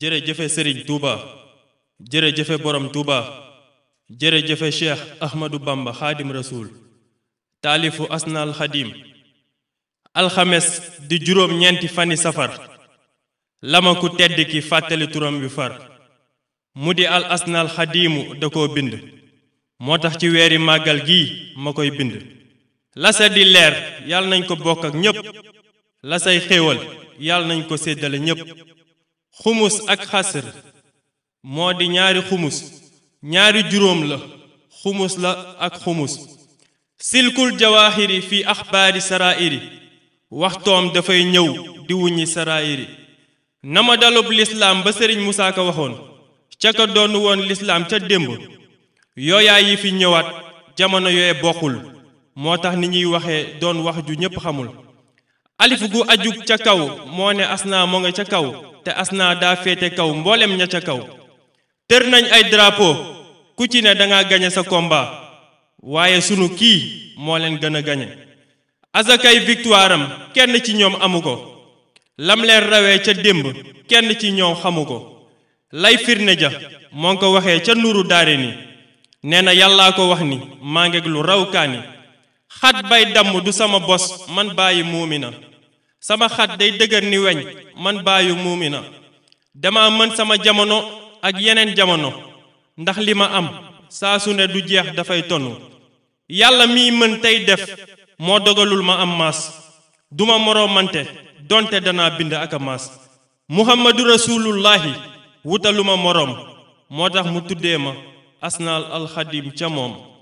jërëjëfe sëriñ tuuba jërëjëfe borom tuuba jërëjëfe cheikh ahmadu bamba xaadim rasuul taalifu asnaal xadim alxames di juróom ñeenti fani safar lama ku tedd ki fàttali turam bi far mu di al asnaal xadiimu da koo bind moo tax ci weeri màggal gi ma koy bind la sa di yàlla nañ ko bokk ak ñépp la say xéewal yàlla nañ ko séddale ñépp xumus ak xasr moo di ñaari xumus ñaari juróom la xumus la ak xumus silkul jawaxiri fi axbaari saraa'iri waxtoom dafay ñëw di wuññi saraa'iri ma dalub lislaam ba sëriñ musaa ka waxoon ca ka doon woon lislaam ca démb yooyaa yi fi ñëwaat jamono yooye bokkul moo tax ni ñuy waxe doon wax ju ñépp xamul alif gu ajug ca kaw moo ne asnaa moo nga ca kaw te asna daa féete kaw mboolem ña ca kaw tër nañ ay drapeau ku ci ne danga gañe sa combat waaye sunu kii moo leen gën a gañe asakay victoire am kenn ci ñoom amu ko lam leen rawee ca démb kenn ci ñoom xamu ko lay firnde ja moo ngi ko waxee ca nuru daare ni nee na yàllaa ko wax ni maa ngeeg lu raw kaani xat bay damm du sama bos man bàyyi muumi na sama xat day dëgër ni weñ man baayu na dama mën sama jamono ak yeneen jamono ndax li ma am saa su ne du jeex dafay tonu yàlla mii mën tey def moo dogalul ma am mas duma moroomante donte danaa bind ak a maas muhammadu rasulullahi wutalu ma moroom moo tax mu tuddee ma asnaal alxadim ca moom